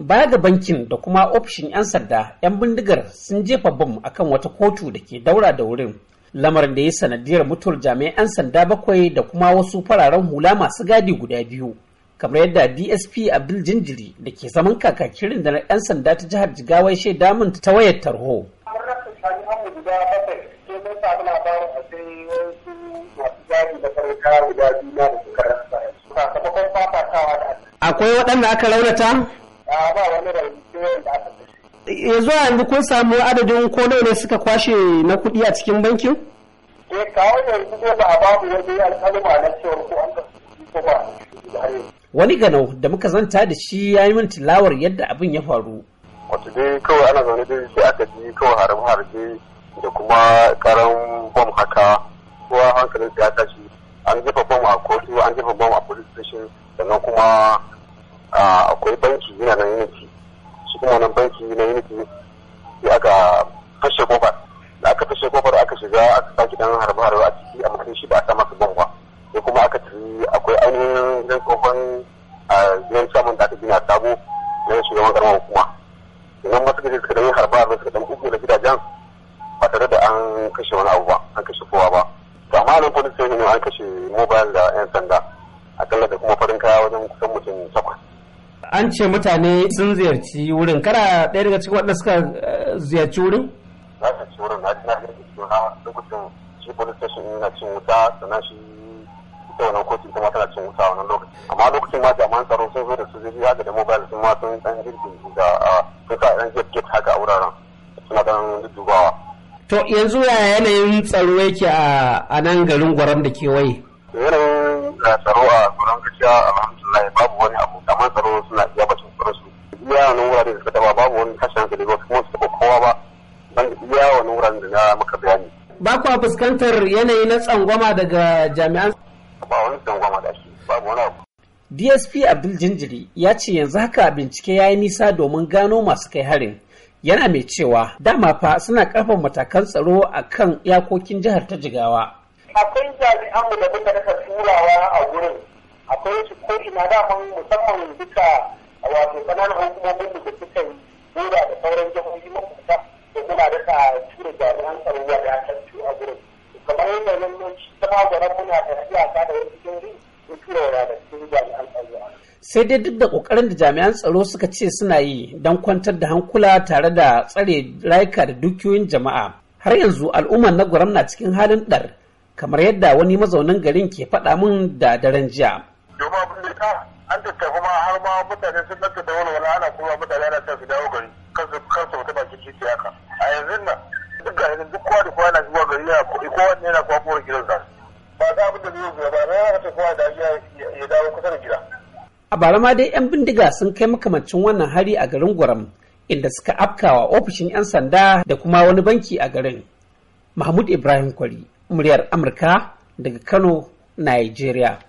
baya ga bankin da kuma ofishin 'yan sanda 'yan bindigar sun jefa bom akan wata kotu da ke daura da wurin lamarin da ya sanadiyar mutuwar jami'an 'yan sanda bakwai da kuma wasu fararen hula masu gadi guda biyu kamar yadda dsp abdul jinjiri da ke zaman kakakin rundunar 'yan sanda ta jihar jigawa shaida min ta wayar tarho akwai waɗanda aka raunata? a ba wani rauni da aka ya zuwa yanzu kun samu adadin ko nawa ne suka kwashe na kuɗi a cikin bankin? eh kawo yanzu ne ba a babu wani alƙaluma na cewar ko an ka ko ba wani ganau da muka zanta da shi ya yi min tilawar yadda abin ya faru wato dai kawai ana zaune dai sai aka ji kawai harbe harbe da kuma karan bom haka kowa hankalin ya tashi an jefa bom a kotu an jefa bom a police station sannan kuma akwai banki yana nan unity shi kuma nan banki na unity sai aka fashe kofar da aka fashe kofar aka shiga aka saki dan harba harba a ciki amma sai shi ba a sa masa bomba sai kuma aka tafi akwai ainihin zan kofan a gidan samun da aka gina sabo na shugaban karamar hukuma idan masu gaji suka dan harba harba suka dan uku da gidajen ba tare da an kashe wani abu ba an kashe kowa ba to amma nan sai ne an kashe mobile da yan sanda akalla da kuma farin kaya wajen kusan mutum takwas an ce mutane sun ziyarci wurin kana ɗaya daga cikin waɗanda suka eh, ziyarci wurin na ziyarci wurin na na ziyarci na lokacin shi police station yana cin wuta sannan shi ita wannan kotun kuma tana cin wuta wannan lokacin amma lokacin ma jaman tsaro sun zo da su zai haka da mobile sun ma sun ɗan jirgin da sun sa ɗan jet jet haka a wuraren suna ɗan dubawa. to yanzu yaya yanayin tsaro yake a nan garin gwaram da kewaye. yanayin eh, tsaro a gwaram gaskiya alhamdulillah kwa fuskantar yanayi na tsangwama daga jami'an ba DSP Abdul Jinjiri ya ce yanzu haka bincike ya yi nisa domin gano masu kai harin. Yana mai cewa dama fa suna karfa matakan tsaro a kan 'yakokin jihar ta jigawa. Akwai jami'an mu da muka rasa turawa a gurin. Akwai su ko ina daman musamman duka wato ƙananan hukumomin da suka yi da sauran jihohi makwabta. Muna da tura jami'an tsaro wadatar a gurin kamar yadda nan nan ta magwara muna da iyaka da wani jirgin turowa da cikin jami'an tsaro sai dai duk da kokarin da jami'an tsaro suka ce suna yi don kwantar da hankula tare da tsare rayuka da dukiyoyin jama'a har yanzu al'ummar na gwaram na cikin halin ɗar kamar yadda wani mazaunin garin ke faɗa min da daren jiya. Domin abin da ta an tattafi ma har ma mutane sun ɗanta da wani ana kuma mutane ana sa su dawo gari kan su kan su mutu baki titi haka a yanzu nan yana kowanne yana kwakwar ba za abin da zai ba na yana kowa da ya dawo kusa da gida. a bara ma dai yan bindiga sun kai makamancin wannan hari a garin gwaram inda suka afkawa ofishin 'yan sanda da kuma wani banki a garin mahmud ibrahim kwari muryar amurka daga kano nigeria